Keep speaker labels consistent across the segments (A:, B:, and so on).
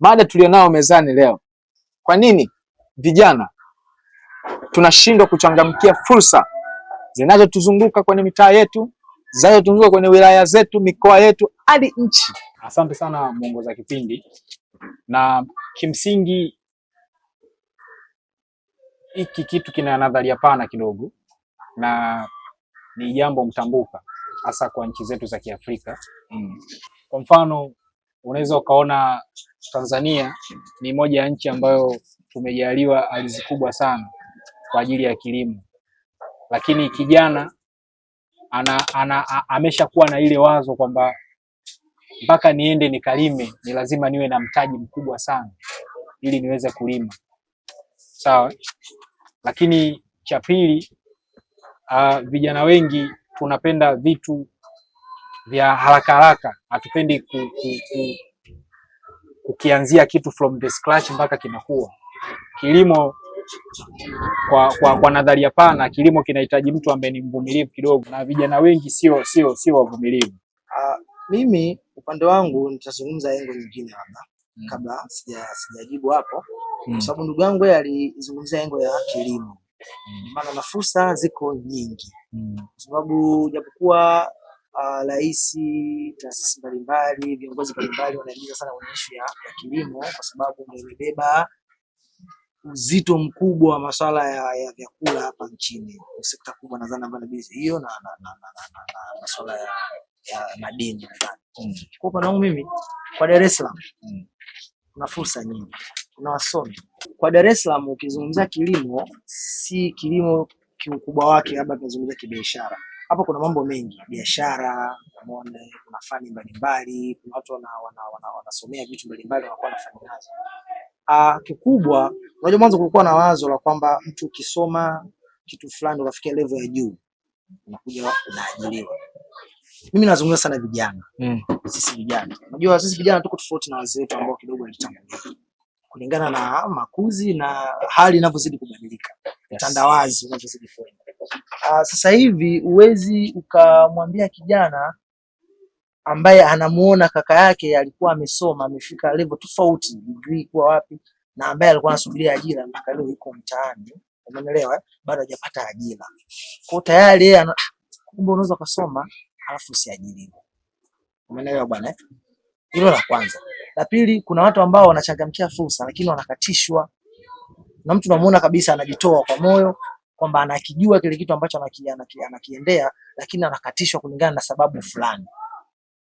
A: mada tulionao mezani leo. Kwa nini vijana tunashindwa kuchangamkia fursa zinazotuzunguka kwenye mitaa yetu, zinazotuzunguka kwenye wilaya zetu, mikoa yetu, hadi nchi?
B: Asante sana mwongoza kipindi, na kimsingi hiki kitu kina nadharia pana kidogo na ni jambo mtambuka hasa kwa nchi zetu za Kiafrika mm. Kwa mfano unaweza ukaona Tanzania ni moja ya nchi ambayo tumejaliwa ardhi kubwa sana kwa ajili ya kilimo, lakini kijana ana, ana, ameshakuwa na ile wazo kwamba mpaka niende nikalime ni lazima niwe na mtaji mkubwa sana ili niweze kulima, sawa. Lakini cha pili, uh, vijana wengi tunapenda vitu vya haraka haraka, hatupendi ku, ku, ku, kukianzia kitu from the scratch mpaka kinakuwa kilimo. Kwa, kwa, kwa nadharia pana, kilimo kinahitaji mtu ambaye ni mvumilivu kidogo, na vijana wengi sio sio sio wavumilivu.
C: Uh, mimi upande wangu nitazungumza engo nyingine hapa mm. kabla sija sijajibu hapo mm. kwa hmm. sababu ndugu yangu yeye alizungumzia engo ya kilimo mm. maana na fursa ziko nyingi hmm. kwa sababu japokuwa Ah, rais, taasisi mbalimbali, viongozi mbalimbali wanaingiza sana kwenye ishu ya, ya kilimo kwa sababu ndio imebeba uzito mkubwa wa masuala ya, ya vyakula hapa nchini, sekta kubwa nadhani ambayo nabizi hiyo na masuala ya madini nadhani. Mm. Kwa upande wangu mimi kwa Dar es Salaam mm. kuna fursa nyingi, kuna wasomi kwa Dar es Salaam. Ukizungumzia kilimo, si kilimo kiukubwa wake, labda tunazungumzia kibiashara hapo kuna mambo mengi, biashara, umeona kuna fani mbalimbali, kuna watu wana, wana, wana, wanasomea vitu mbalimbali wanakuwa na fani nazo. Ah, kikubwa, unajua mwanzo kulikuwa na wazo la kwamba mtu ukisoma kitu fulani unafikia level ya juu unakuja unaajiriwa. Mimi nazungumza sana vijana. Mm. Sisi vijana. Unajua sisi vijana tuko tofauti na wazee wetu ambao kidogo walitangulia. Kulingana na makuzi na hali inavyozidi kubadilika. Yes. Tandawazi unavyozidi kuwa. Uh, sasa hivi huwezi ukamwambia kijana ambaye anamuona kaka yake alikuwa amesoma amefika level tofauti, degree kwa wapi, na ambaye alikuwa anasubiria ajira mpaka leo yuko mtaani, umeelewa, eh? bado hajapata ajira. Kwa tayari yeye ana kumbe, unaweza kusoma alafu usiajiriwe, umeelewa bwana. Eh? Hilo la kwanza. La pili, kuna watu ambao wanachangamkia fursa lakini wanakatishwa, na mtu unamuona kabisa anajitoa kwa moyo kwamba anakijua kile kitu ambacho anakiendea, lakini anakatishwa kulingana na sababu fulani.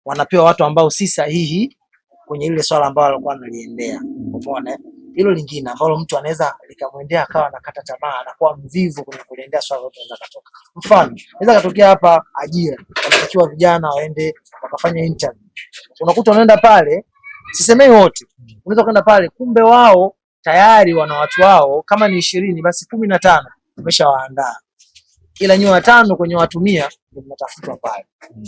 C: Wanapewa watu ambao si sahihi kwenye ile swala ambalo alikuwa analiendea. Umeona hilo lingine ambalo mtu anaweza likamwendea akawa anakata tamaa, anakuwa mvivu kwenye kuendea swala lote. Anaweza katoka mfano, anaweza katokea hapa ajira, wanatakiwa vijana waende wakafanya interview. Unakuta unaenda pale, sisemei wote, unaweza kwenda pale, kumbe wao tayari wana watu wao, kama ni ishirini basi kumi na tano tumeshawaandaa, ila nyinyi watano kwenye watumia ndio mnatafutwa pale mm.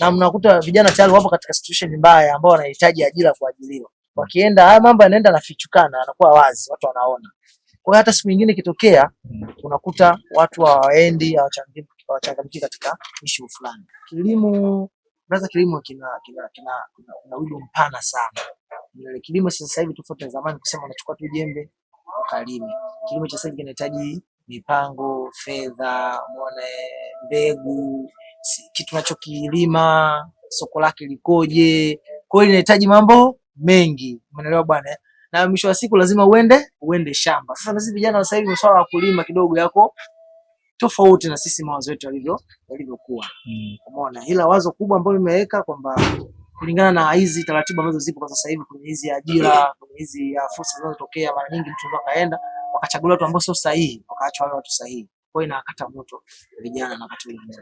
C: na mnakuta vijana tayari wapo katika situation mbaya ambao wanahitaji ajira kuajiriwa. Wakienda haya mambo yanaenda na fichukana, yanakuwa wazi, watu wanaona. Kwa hiyo hata siku nyingine ikitokea, mm. unakuta watu hawaendi, hawachangamki katika issue fulani. Kilimo baraza, kilimo kina kina kina una wigo mpana sana. Ile kilimo sasa hivi tofauti na zamani, kusema unachukua tu jembe ukalime. Kilimo cha sasa hivi kinahitaji mipango, fedha, muone mbegu, kitu unachokilima soko lake likoje. Kwa hiyo inahitaji mambo mengi, umeelewa bwana? Eh? Na mwisho wa siku lazima uende uende shamba. Sasa na sisi vijana sasa hivi masuala ya kulima kidogo yako tofauti na sisi mawazo yetu yalivyo yalivyokuwa, hmm. umeona mm. Ila wazo kubwa ambalo nimeweka kwamba kulingana na hizi taratibu ambazo zipo kwa sasa hivi kwenye hizi ajira, kwenye hizi ah, fursa zinazotokea, mara nyingi mtu ndo kaenda wakachagulia watu ambao sio sahihi, wakaacha wale watu sahihi. Kwa hiyo inakata moto vijana na watu wengine.